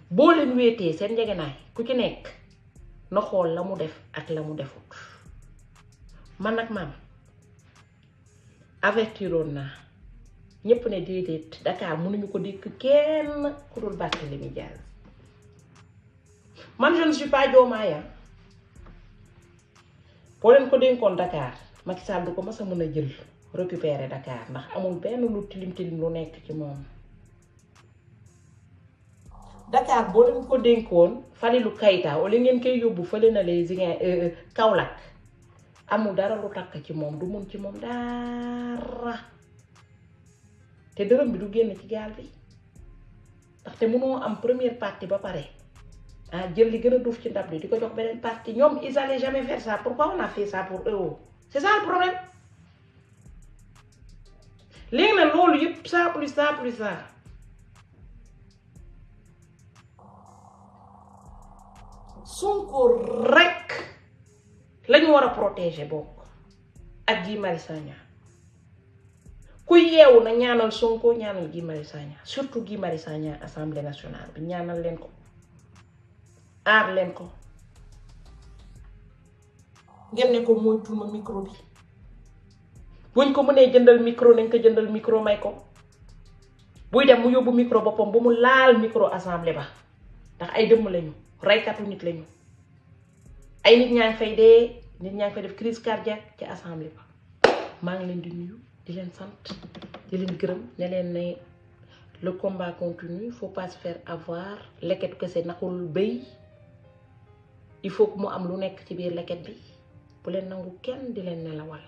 nous, nous, nous, ku nous, nekk na nous, la mu def ak la mu nous, man nous, nous, nous, nous, ne nous, Dakar peut ko nous, nous, ku dul je ne suis pas nous, hein. boo leen ko dénkoon Dakar Macky Sall du ko mas a mën a jël récupérer Dakar ndax amul benn lu tilim tilim lu nekk ci moom Dakar boo leen ko dénkoon Fadilou kayitaa wala ngeen koy yóbbu fële na lee Ziguinchor euh, euh, Kaolack amul dara lu takk ci moom du mun ci moom dara te dërëm bi du génn ci gaal bi ndaxte mënoo am première partie ba pare ah jël li gën a duuf ci ndab li di ko jox beneen parti ils allaient jamais faire ça pourquoi on a fait ça pour eux c'est ça le problème léegi nag loolu ça plus ça plus ça Sonko rek lañu war a protéger Bok. ak Guy Marius Sagna ku yeewu na ñaanal Sonko ñaanal Guy Marius surtout Guy Marius assemblée nationale bi ñaanal leen ko aar leen ko ngeen ne ko micro bi buñ ko mënee jëndal micro nañ ko jëndal micro may ko micro, dem mu yóbbu micro boppam ba mu laal micro assemblé ba ndax ay dëmm lañu micro. nit lañu ay nit ñaa fay dee nit ñaa ngi def crise cardiaque ci assemblée ba maa ngi leen di nuyu di leen di leen gërëm ne leen le combat continue faut pas se faire avoir lekket que naxul béy il faut que mo am lu nek ci biir leket bi bu len nangu kenn di len nelawal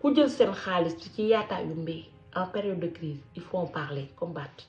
ku jël sen xaalis ci yu mbé en période de crise il faut en parler combattre